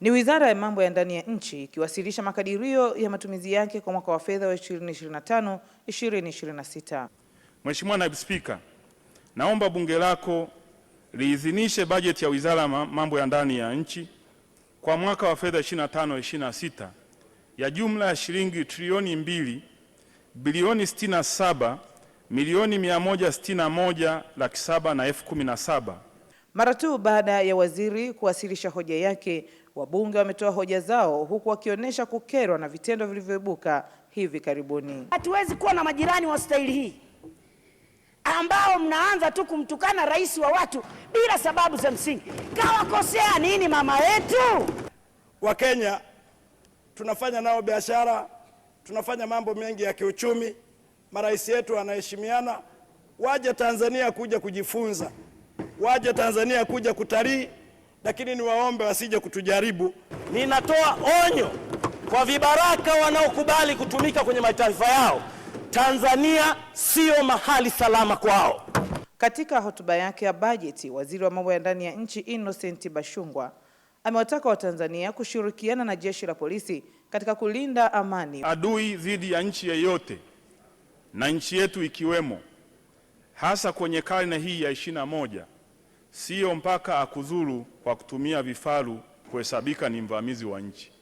Ni Wizara ya Mambo ya Ndani ya Nchi ikiwasilisha makadirio ya matumizi yake kwa mwaka wa fedha wa 2025 2026. Mheshimiwa Naibu Spika, naomba Bunge lako liidhinishe bajeti ya Wizara ya Mambo ya Ndani ya Nchi kwa mwaka wa fedha 25 26 ya jumla ya shilingi trilioni 2 bilioni 67 milioni 161 laki saba na elfu kumi na saba mara tu baada ya waziri kuwasilisha hoja yake, wabunge wametoa hoja zao, huku wakionyesha kukerwa na vitendo vilivyoibuka hivi karibuni. Hatuwezi kuwa na majirani wa staili hii ambao mnaanza tu kumtukana rais wa watu bila sababu za msingi. Kawakosea nini mama yetu? Wakenya tunafanya nao biashara, tunafanya mambo mengi ya kiuchumi, marais yetu anaheshimiana. Waje Tanzania kuja kujifunza waje Tanzania kuja kutalii, lakini niwaombe wasije kutujaribu. Ninatoa onyo kwa vibaraka wanaokubali kutumika kwenye mataifa yao, Tanzania sio mahali salama kwao. Katika hotuba yake ya bajeti, waziri wa mambo ya ndani ya nchi Innocent Bashungwa amewataka Watanzania kushirikiana na jeshi la polisi katika kulinda amani. Adui dhidi ya nchi yeyote na nchi yetu ikiwemo, hasa kwenye karne hii ya ishirini na moja. Siyo mpaka akuzuru kwa kutumia vifaru kuhesabika ni mvamizi wa nchi.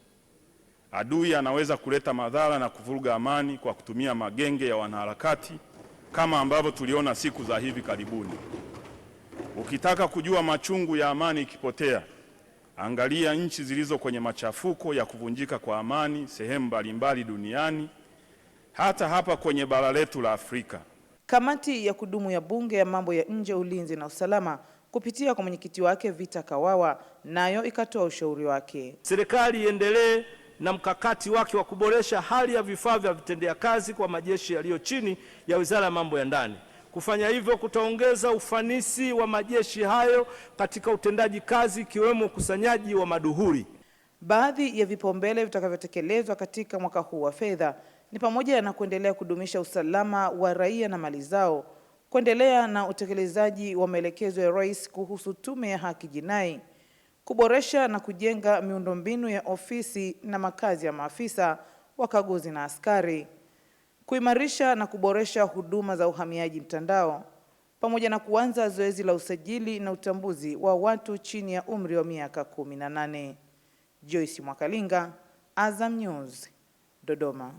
Adui anaweza kuleta madhara na kuvuruga amani kwa kutumia magenge ya wanaharakati kama ambavyo tuliona siku za hivi karibuni. Ukitaka kujua machungu ya amani ikipotea, angalia nchi zilizo kwenye machafuko ya kuvunjika kwa amani sehemu mbalimbali duniani, hata hapa kwenye bara letu la Afrika. Kamati ya kudumu ya Bunge ya mambo ya nje, ulinzi na usalama kupitia kwa mwenyekiti wake Vita Kawawa, nayo ikatoa ushauri wake. Serikali iendelee na mkakati wake wa kuboresha hali ya vifaa vya vitendea kazi kwa majeshi yaliyo chini ya Wizara ya Mambo ya Ndani. Kufanya hivyo kutaongeza ufanisi wa majeshi hayo katika utendaji kazi, ikiwemo ukusanyaji wa maduhuri. Baadhi ya vipaumbele vitakavyotekelezwa katika mwaka huu wa fedha ni pamoja na kuendelea kudumisha usalama wa raia na mali zao kuendelea na utekelezaji wa maelekezo ya Rais kuhusu Tume ya Haki Jinai, kuboresha na kujenga miundombinu ya ofisi na makazi ya maafisa wakaguzi na askari, kuimarisha na kuboresha huduma za uhamiaji mtandao, pamoja na kuanza zoezi la usajili na utambuzi wa watu chini ya umri wa miaka kumi na nane. Joyce Mwakalinga, Azam News, Dodoma.